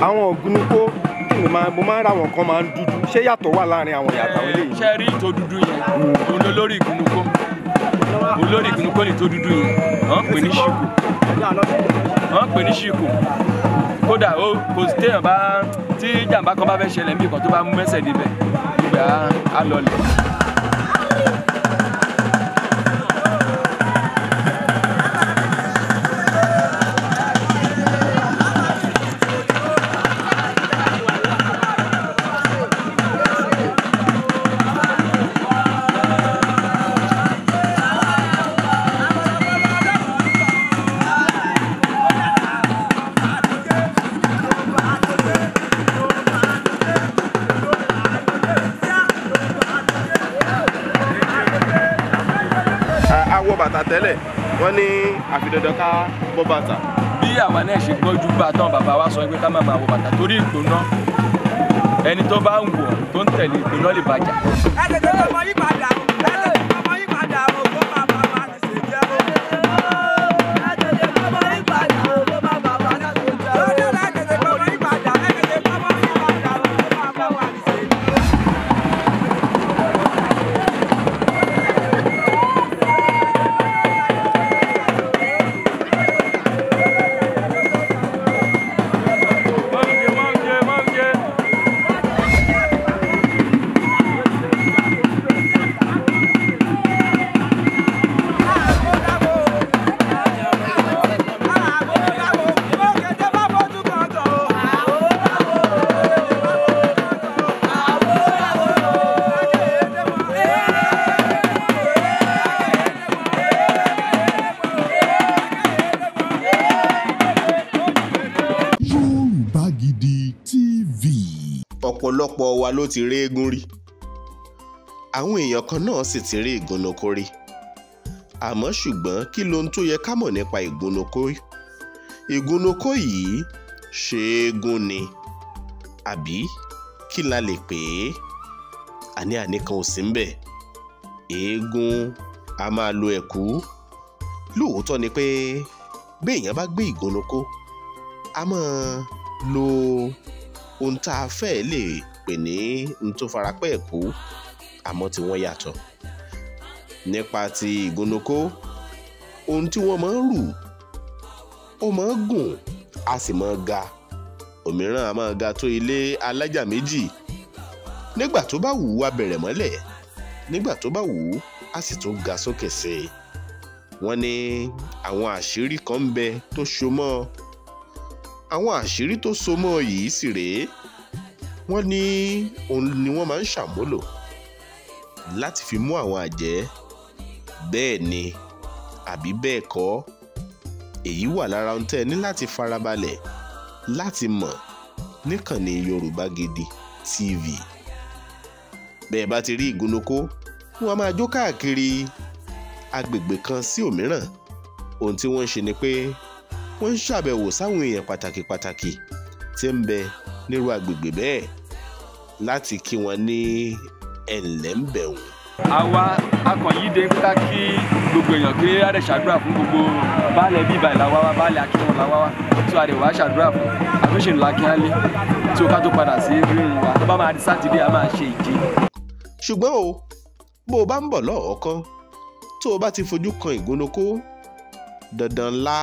àwọn ògùn ni kó mo máa ń ra àwọn kan máa ń dúdú ṣé yàtọ̀ wà láàrin àwọn yàtọ̀ àwọn eléyìí. ṣe rí tó dúdú yẹn òun lórí ìgúnnukó olórí ìgúnnukó ni tó dúdú yẹn wọ́n pè ní ṣìkò wọ́n pè ní ṣìkò kódà ó kò sí téèyàn bá tí jàǹbá kan bá fẹ́ ṣẹlẹ̀ mí kan tó bá mú mẹ́sẹ̀ débẹ̀ ìgbà á lọlẹ̀. tẹ́lẹ̀ wọ́n ní àfidọ́dọ́ ká bọ́ bàtà. bí àwa náà ṣe gbọ́jú bàtàn bàbá wa sọ pé ká má máa wọ bàtà torí ìgbóná ẹni tó bá ń wọ̀ tó ń tẹ̀lé ìgbóná lè bàjá. ẹ tètè lọ mọ yí wa ló ti rí eégún rí àwọn èèyàn kan náà sì ti rí ìgúnnukó rí àmọ́ ṣùgbọ́n kí lohun tó yẹ ká mọ̀ nípa ìgúnnukó ìgúnnukó yìí ṣe eégún ni àbí kí la lè pè é àní àní kan ò sí ń bẹ̀ eégún a máa lo ẹ̀kú lóòótọ́ ni pé béèyàn bá gbé ìgúnnukó a máa lo ohun tá a fẹ́ lè pè ní n tó farapẹ́ ẹ̀kú àmọ́ tí wọ́n yàtọ̀ nípa ti ìgúnnukó ohun tí wọ́n máa ń rù ó máa ń gùn a sì máa ń ga òmíràn a máa ga tó ilé alájà méjì nígbà tó bá wù ú a bẹ̀rẹ̀ mọ́lẹ̀ nígbà tó bá wù ú a sì tún ga sókè sí i wọ́n ní àwọn àṣírí kan ń bẹ tó so mọ́ àwọn àṣírí tó so mọ́ yìí sì rèé wọ́n ní òun ni wọ́n máa ń ṣàmúlò láti fi mú àwọn àjẹ́ bẹ́ẹ̀ ni àbí bẹ́ẹ̀ kọ́ èyí wà lára ohun tẹ́ ẹ ní láti farabalẹ̀ láti mọ̀ níkànnì Yorùbá Gidi TV bẹ́ẹ̀ bá ti rí ìgúnnukó wọ́n máa jó káàkiri agbègbè kan sí òmíràn ohun tí wọ́n ń ṣe ni pé wọ́n ń ṣàbẹ̀wò sáwọn èèyàn pàtàkì pàtàkì tí ń bẹ nírú agbègbè bẹ́ẹ̀ láti kí wọn ní ẹ̀ńlẹ́ńbẹ̀wọ̀n. àwa akọ̀yíde ń ká kí gbogbo èèyàn pé a rẹ̀ ṣàdúrà fún gbogbo baálẹ̀ bíbá ìlàwá wa baálẹ̀ akíwọn làwá wa tó a rẹ̀ wá ṣàdúrà fún àtúnṣe ńlá kí á lé ká tó padà sí rírun wa tó bá máa di sátidé a máa ṣe ìje. ṣùgbọ́n o bó o bá ń bọ̀ lọ́ọ̀ọ́kán tó o bá ti fojú kan ìgúnnukó dandan ńlá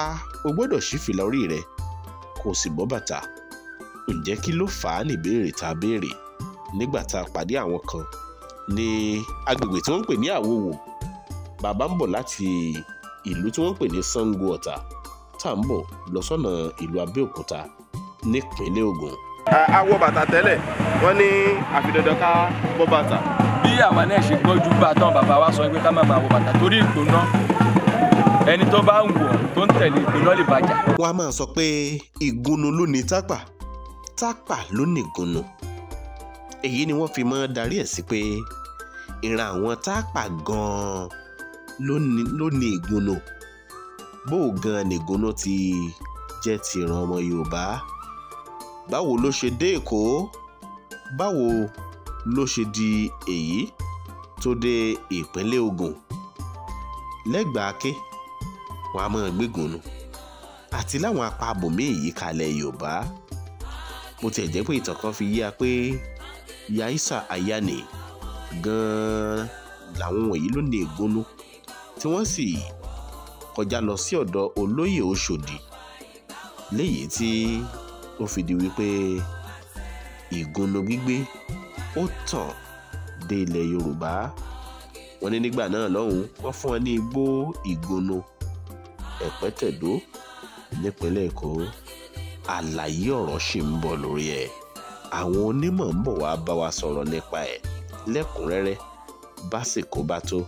o gbọ́dọ̀ ṣí fìlà rẹ kó sì bọ́ bàtà ǹjẹ́ kí ló fà á níbèrè tá béèrè nígbà tá a pàdé àwọn kan ní agbègbè tí wọ́n ń pè ní àwòwò bàbá ń bọ̀ láti ìlú tí wọ́n ń pè ní Sango Ọ̀tà tá à ń bọ̀ lọ sọ́nà ìlú Abẹ́òkúta nípínlẹ̀ Ògùn. awọ bàtà tẹ́lẹ̀ wọ́n ní àfidọ́dọ́ ká bọ́ bàtà. bí àwa náà ṣe gbọ́ ju bàtà bàbá wa sọ pé ká má máa wọ bàtà torí ìgbóná ẹni tó bá ń wọ̀ tó ń tẹ̀lé ìgbóná lè bàjá. wọ́n á máa sọ pé ìgúnnu ló ní tápà tápà ló ní ìgúnnu èyí ni wọ́n fi mọ́ darí ẹ̀ sí pé ìran àwọn táàpà gan-an ló ní ìgúnnu bó gan-an nìgúnnu ti jẹ́ ti ìran ọmọ Yorùbá báwo ló ṣe dé Èkó báwo ló ṣe di èyí tó dé ìpínlẹ̀ Ògùn lẹ́gbàáké wọn a máa gbégùn nu àti láwọn apá abòmíì yìí kalẹ̀ Yorùbá mo tiẹ̀ jẹ́ pé ìtàn kan fi yíya pé yaisa ayane gan-an làwọn wọ̀nyí ló ní ègbónú tí wọ́n sì kọjá lọ sí ọ̀dọ̀ olóyè Ọ̀ṣọ́dì léyìí tí ó fìdí wípé ìgúnnu gbígbé ó tàn dé ilẹ̀ Yorùbá wọ́n ní nígbà náà lọ́hùn wọ́n fún wọn ní igbó ìgúnnu ẹ̀pẹ́tẹ̀dó nípínlẹ̀ Èkó àlàyé ọ̀rọ̀ ṣì ń bọ̀ lórí ẹ̀ àwọn onímọ̀ ń bọ̀ wá bá wa sọ̀rọ̀ nípa ẹ̀ lẹ́kùnrẹ́rẹ́ básìkò bá tó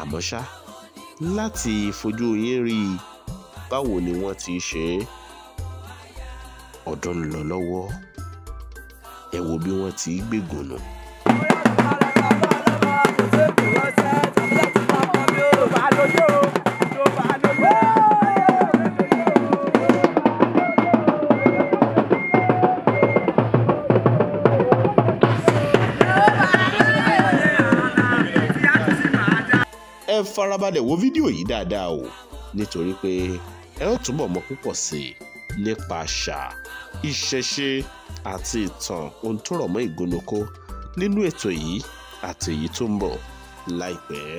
àmọ́ ṣá láti fojú yín rí i báwo ni wọ́n ti ṣe é ọ̀dọ́ ń lọ lọ́wọ́ ẹ wo bí wọ́n ti gbégun nù. Thank you. ẹ farabalẹ̀ wo fídíò yìí dáadáa o nítorí pé ẹ ó túbọ̀ mọ púpọ̀ sí i nípa àṣà ìṣẹ̀ṣe àti ìtàn ohun tó rọ̀ mọ́ ìgúnnukó nínú ètò yìí àti èyí tó ń bọ̀ láìpẹ́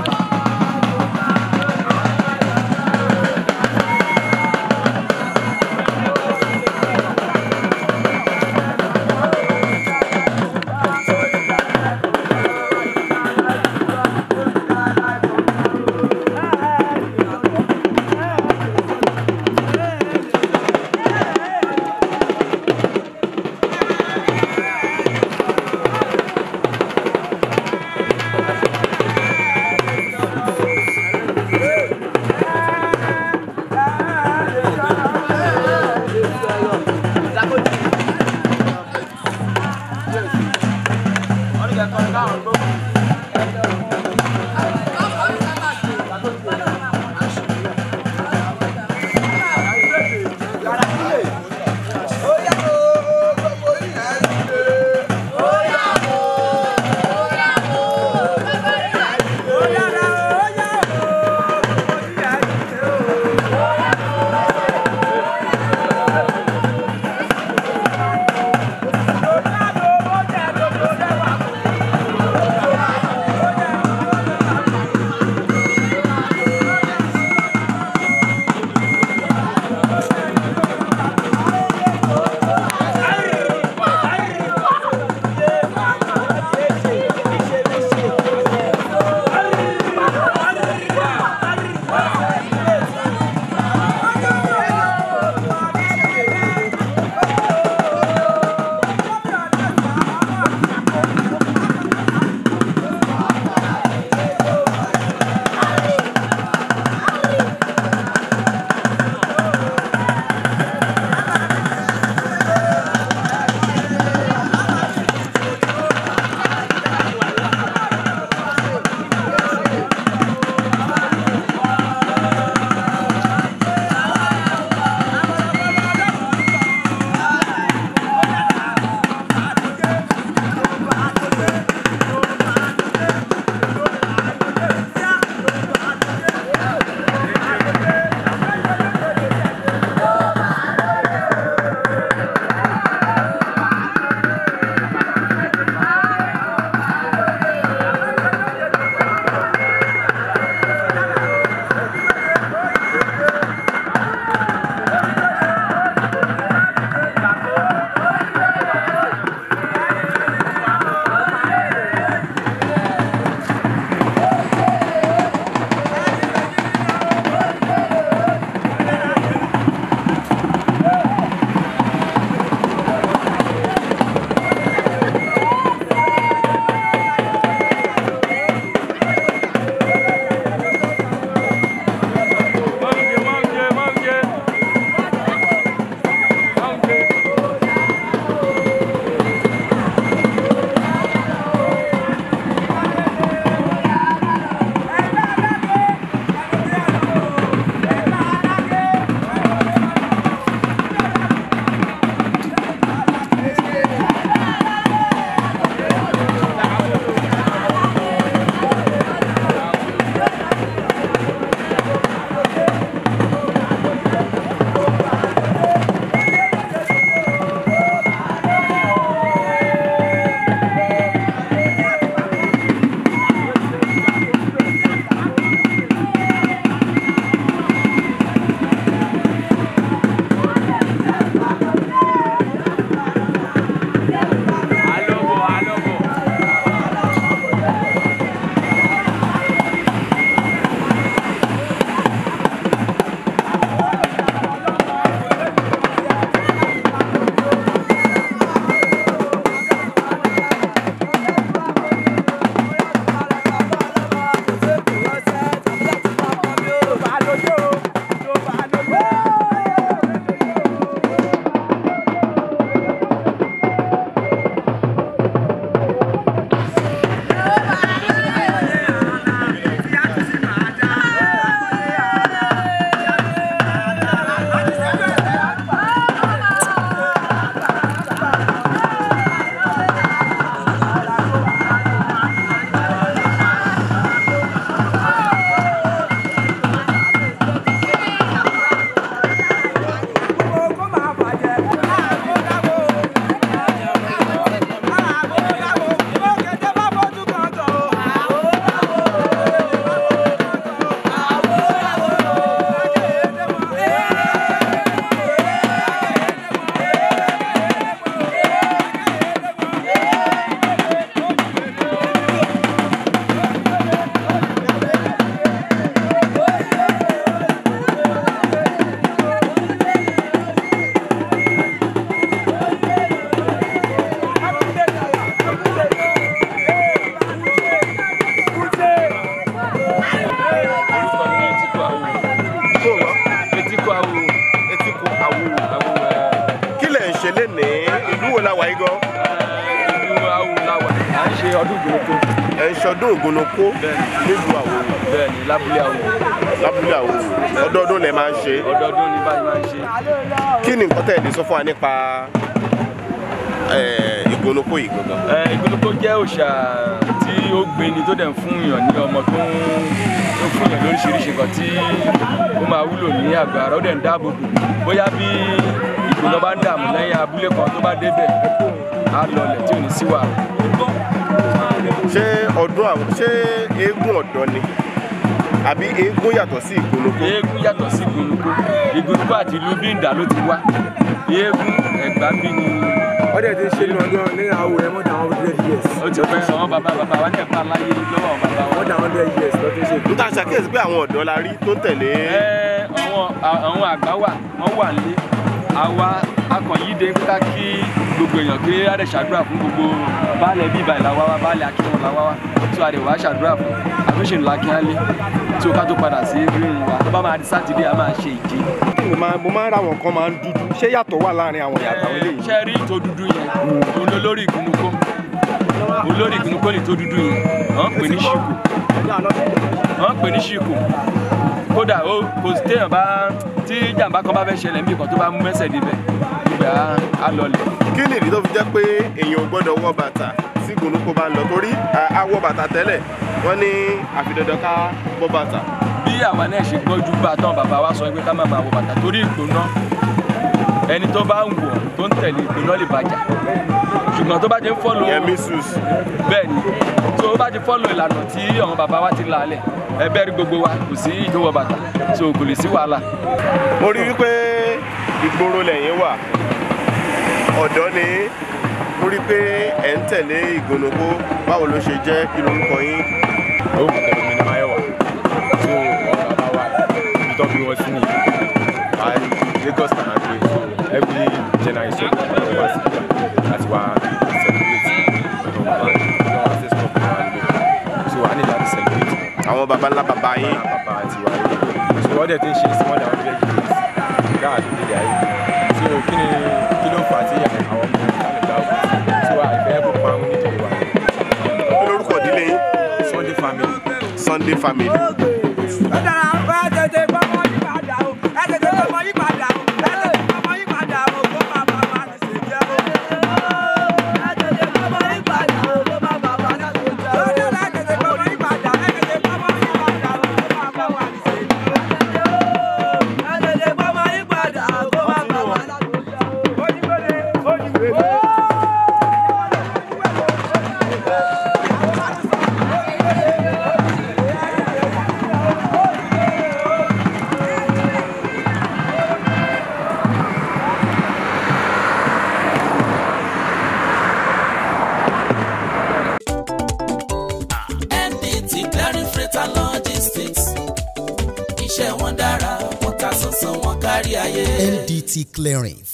Agora dá uma lábúlé àwò. lábúlé àwò ọdọọdún lẹ máa ń ṣe. ọdọọdún ni báyìí máa ń ṣe. kí ni nǹkan tẹ̀ lè sọ fún wa nípa ìgbónokó yìí gangan. ìgbónokó jẹ́ òòṣà tí ó gbéni tó dẹ̀ ń fún yàn ní ọmọ tó ń fún yàn lóríṣiríṣi nǹkan tí ó máa wúlò ní àgbà ara ó dẹ̀ ń dáàbò bò bóyá bí ìgbóná bá ń dààmú lẹ́yìn abúlé kan tó bá débẹ̀ á lọlẹ̀ tí ò ní sí wàhálà ṣé ọdún àwọn ṣé eégún ọ̀dọ́ ni àbí eégún yàtọ̀ sí ìgolókó. eégún yàtọ̀ sí ìgolókó ìgolókó àti ìlú bíndà ló ti wá eégún ẹ̀gbá bí ni. wọ́n dẹ̀ ti ṣe ní ọdún ní àwọ̀ ẹ̀ mọ́ta one hundred years. ó ti pẹ́ àwọn bàbá bàbá wa dẹ̀ pa aláyé lọ́wọ́ àwọn bàbá wa. mọ́ta one hundred years ló ti ṣe. n ta ṣàkíyèsí pé àwọn ọ̀dọ́ la rí tó tẹ̀lé. ẹ àwọn àgbà wà wọ́n wà nílé àwa akọ̀yíde ká kí gbogbo èèyàn pé a lè ṣàdúrà fún gbogbo baálẹ̀ bí ibà ìlà wáwá baálẹ̀ akíwọ̀n làwáwá tó a lè wá ṣàdúrà fún àmúṣin làkíálé tí o ká tó padà sí rírun wa tó bá máa di sátidé a máa ṣe ìje. mo máa ń ra àwọn kan máa ń dúdú ṣé yàtọ̀ wà láàrin àwọn yàtọ̀ eléyìí. ṣe rí tó dúdú yẹn òun ló lórí ìgúnnukó òun lórí ìgúnnukó ni tó dúdú yẹn wọ́n pè ní ṣìkò wọ́n pè ní ṣìkò kódà ó kò téèyàn bá tí jàǹbá kan bá fẹ́ ṣẹlẹ̀ níbi kan tó bá mú mẹ́sẹ̀ débẹ̀ gbà á lọlẹ̀ kí nìdí tó fi jẹ́ pé èèyàn ò gbọ́dọ̀ wọ bàtà tí gòlóko bá ń lọ torí àwọ bàtà tẹ́lẹ̀ wọ́n ní àfi ká wọ bàtà. bí àwa náà ṣe gbọ́jú bá tán bàbá wa sọ pé ká má máa wọ bàtà torí ìgbóná ẹni tó bá ń wọ̀ tó ń tẹ̀lé ìgbóná lè bàjá ṣùgbọ́n tó bá ti ń fọ́lù bẹ́ẹ̀ ni tó bá ti fọ́lù ìlànà tí àwọn bàbá wa ti lálẹ̀ ẹbẹ́ rí gbogbo wa kò sí ìjọwọ bàtà tó kò lè sí wàhálà. mo rí wípé ìgboro lẹ́yìn wà ọ̀dọ́ ni mo rí pé ẹ̀ ń tẹ̀lé Ìgànnàkó báwo ló ṣe jẹ́ kí lorúkọ yín. orúkọ tẹ̀lé mi ni Máyọ̀wá tó ọ̀gá bá wà ibi tó bí wọ́n sí ni by Lagos and agbe so every January so wọ́n wá sí ibà láti wá celebrate ọ̀dọ́ bàbá yìí wọ́n wá sí stop ní wàá nílò so a ní láti celebrate. àwọn baba baba yín. baba àti wàá so wọ́n dẹ̀ ti ń ṣe ìsìnkú ọ̀dà family. ti clearing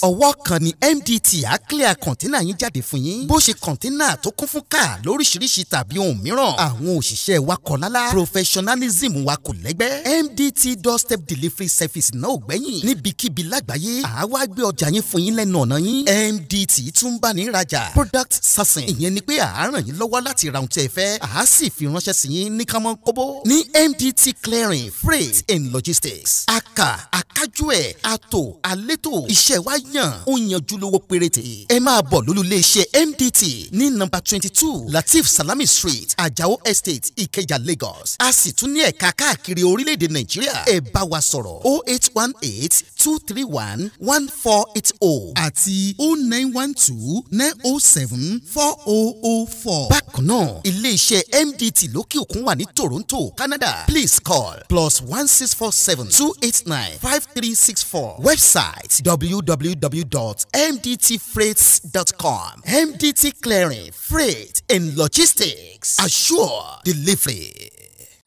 pallets. ọwọ́ kan ni MDT á clear kọ̀ńténà yín jáde fún yín. bó ṣe kọ̀ńténà tó kún fún káà lóríṣiríṣi tàbí ohun mìíràn. àwọn òṣìṣẹ́ wa kọ̀ lálá. professionalism wa kò lẹ́gbẹ́. MDT doorstep delivery service náà ò gbẹ́yìn. níbikíbi lágbàáyé àá wá gbé ọjà yín fún yín lẹ́nu ọ̀nà yín. MDT tún bá ní rajà. product sourcing ìyẹn ni pé àá ràn yín lọ́wọ́ láti ra ohun tí ẹ fẹ́. àá sì fi ránṣẹ́ sí yín ní kánmọ́ kóbó. ní MDT clearing freight and logistics. Aka, àkájú ẹ̀ àtò àlétò iṣẹ́ wa yàn ó yanjú lówó péréte ẹ máa bọ̀ lólùléeṣẹ́ MDT ní nọ́mbà twenty two Latif Salami Street Ajao Estate ikeja Lagos a sì tún ní ẹ̀ka káàkiri orílẹ̀-èdè Nàìjíríà ẹ bá wa sọ̀rọ̀ o oh eight one eight two three one one four eight oh àti o oh nine one two nine oh seven four oh oh four. bákan náà iléeṣẹ́ MDT lókè òkun wà ní Toronto Canada please call plus one six four seven two eight nine five three six four website www www.mdtfreights.com. MDT Clearing, Freight and Logistics. Assure delivery.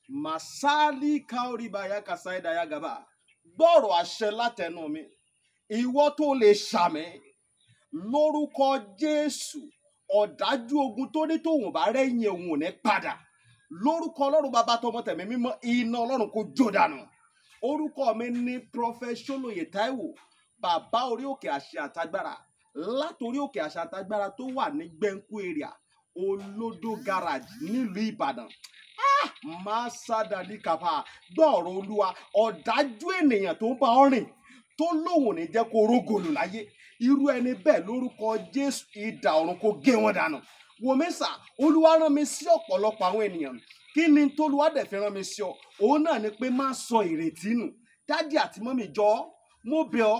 Masali Kauribaya Kasaida Yagaba. Gbọ́rọ̀ àṣẹ látẹnu mi. Ìwọ tó lè ṣàmì lórúkọ Jésù ọ̀dájú ogun tó ní tòun bá rẹ́yìn òun ò ní padà lórúkọ ọlọ́run bàbá tọmọ tẹ̀mí mímọ́ iná ọlọ́run kò jó dànù orúkọ mi ní prọfẹsọlóye Táíwò bàbá orí òkè àṣẹ àtagbára látòrí òkè àṣẹ àtagbára tó wà ní gbẹ̀ǹkú area olódó garage nílùú ìbàdàn ah! máa sádàdí kàfà gbọ́ọ̀rọ̀ olúwa ọ̀dájú ènìyàn tó ń bá ọ rìn tó lóun ò ní jẹ́ kó rógòlù láyé irú ẹni bẹ́ẹ̀ lórúkọ jésù idà ọ̀run kó gé wọn dànù wòmísà olúwa rán mi sí ọ̀pọ̀lọpọ̀ àwọn ènìyàn kí ni tolúwa dẹ̀ fi rán mi sí ọ òun náà ni pé má sọ ìrètí nù dádì àti mọ́mì jọ mo bẹ̀ ọ́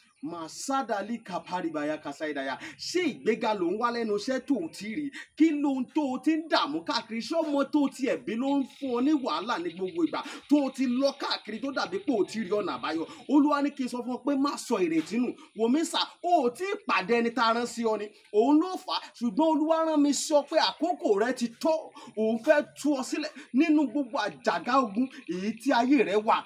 màsádàlì kàpárìbàyà kàsáìdàyà ṣé ìgbéga ló ń wá lẹ́nu iṣẹ́ tó o ti rí kí ló ń tó o ti ń dààmú káàkiri ṣé ọmọ tó o ti ẹ̀bí ló ń fún ọ ní wàhálà ní gbogbo ìgbà tó o ti lọ káàkiri tó dàbí pé o ti rí ọ̀nà àbáyọ olúwa ní kí n sọ fún ọ pé má sọ ìrètí nù wòmísà o ò tí ì pàdé ẹni tá a rán sí ọ ni òun ló fà á ṣùgbọ́n olúwa rán mi sọ pé àkókò rẹ ti tó òun fẹ́ tú ọ sílẹ̀ nínú gbogbo àjàgà ogun èyí tí ayé rẹ wà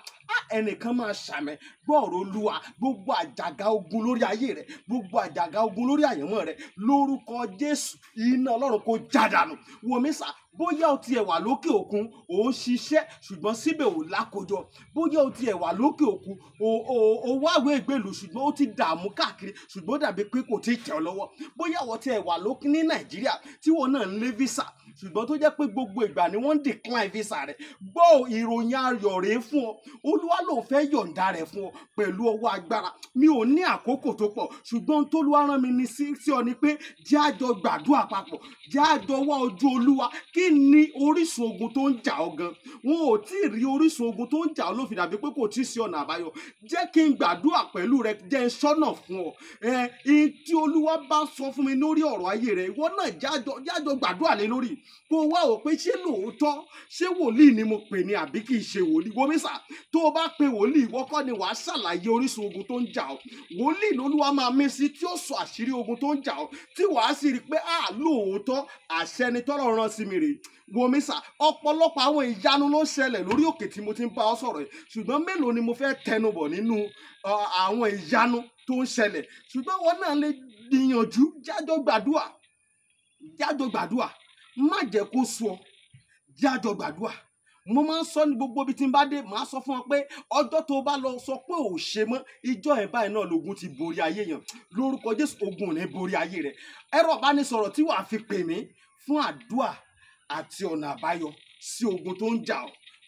ẹnìkan máa ṣàmì gbọ́ọ̀rọ̀ olúwa gbogbo àjàgà ogun lórí ayé rẹ gbogbo àjàgà ogun lórí àyànmọ́ rẹ lórúkọ jésù iná ọlọ́run kò jádànù wọmísà bóyá o tiẹ̀ wà lókè òkun ò ń ṣiṣẹ́ ṣùgbọ́n síbẹ̀ ò lákojọ bóyá o tiẹ̀ wà lókè òkun ò wáwé ìgbèlú ṣùgbọ́n o ti dààmú káàkiri ṣùgbọ́n dàbí pé kò tí ì tẹ̀ ọ́ lọ́wọ́ bóyá o tiẹ̀ wà lókè ní nàìjíríà tí wọn náà ń lé visa ṣùgbọ́n tó jẹ́ pé gbogbo ìgbà ni wọ́n ń decline visa rẹ̀ gbọ́ ìròyìn ayọ̀ rèé fún ọ olúwa ló fẹ́ yọ̀ǹda rẹ̀ fún ọ pẹ̀lú ọwọ́ agbára mi ò ní àkókò tó pọ̀ ṣùgbọ́n tólúwa rán mi ní sí ọ ni pé jẹ́ àjọ gbàdúrà papọ̀ jẹ́ àjọ wá ojú olúwa kí ni orísun ogun tó ń jà ọ gan wọn ò tí ì rí orísun ogun tó ń jà ọ ló fi dàbí pé kò tí ì sí ọ̀nà àbáyọ jẹ́ kí n gbàdúrà pẹ̀lú rẹ jẹ́ n sọ́nà fún ọ ẹ tí olúwa bá sọ fún mi lórí ọ̀rọ̀ ayé rẹ ìwọ náà jájọ gbàdúrà lé lórí kó wá wò pé ṣé lóòótọ́ ṣé wòlíì ni mo pè ní àbí kì ṣe wòlíì wọ́mísà tó o bá pe wòlíì ìwọ kọ́ ni wàá ṣàlàyé orísun ogun tó ń jà ọ́ wòlíì lolúwa máa mí sí tí ó sọ àṣírí ogun tó ń jà ọ́ tí wàá sì rí i pé à lóòótọ́ àṣẹ ni sí mi rèé wọ́mísà ọ̀pọ̀lọpọ̀ àwọn ìyanu ló ń ṣẹlẹ̀ lórí òkè tí mo ti ń bá ọ sọ̀rọ̀ yìí ṣùgbọ́n mélòó ni mo fẹ́ tẹnubọ̀ nínú àwọn ìyanu tó ń ṣẹlẹ̀ ṣùgbọ́n wọn náà lè gbìyànjú jájọ́ gbàdúà jájọ́ gbàdúà má jẹ́ kó sú ọ jẹ́ àjọ gbàdúrà mo máa ń sọ ní gbogbo ibi tí n bá dé màá sọ fún ọ pé ọjọ́ tó bá lọ sọ pé ò ṣe mọ́ ìjọ ẹ̀ báyìí náà lògùn ti borí ayé yàn lórúkọ jésù ogun ò ní borí ayé rẹ ẹ̀rọ ìbánisọ̀rọ̀ tí wàá fi pè mí fún àdúà àti ọ̀nà àbáyọ sí ogun tó ń jà ọ́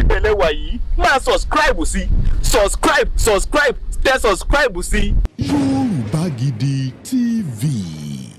ibẹ̀ lẹ́wà máa subscribe sí subscribe subscribe tẹ subscribe sí. Yorùbá Gidi TV.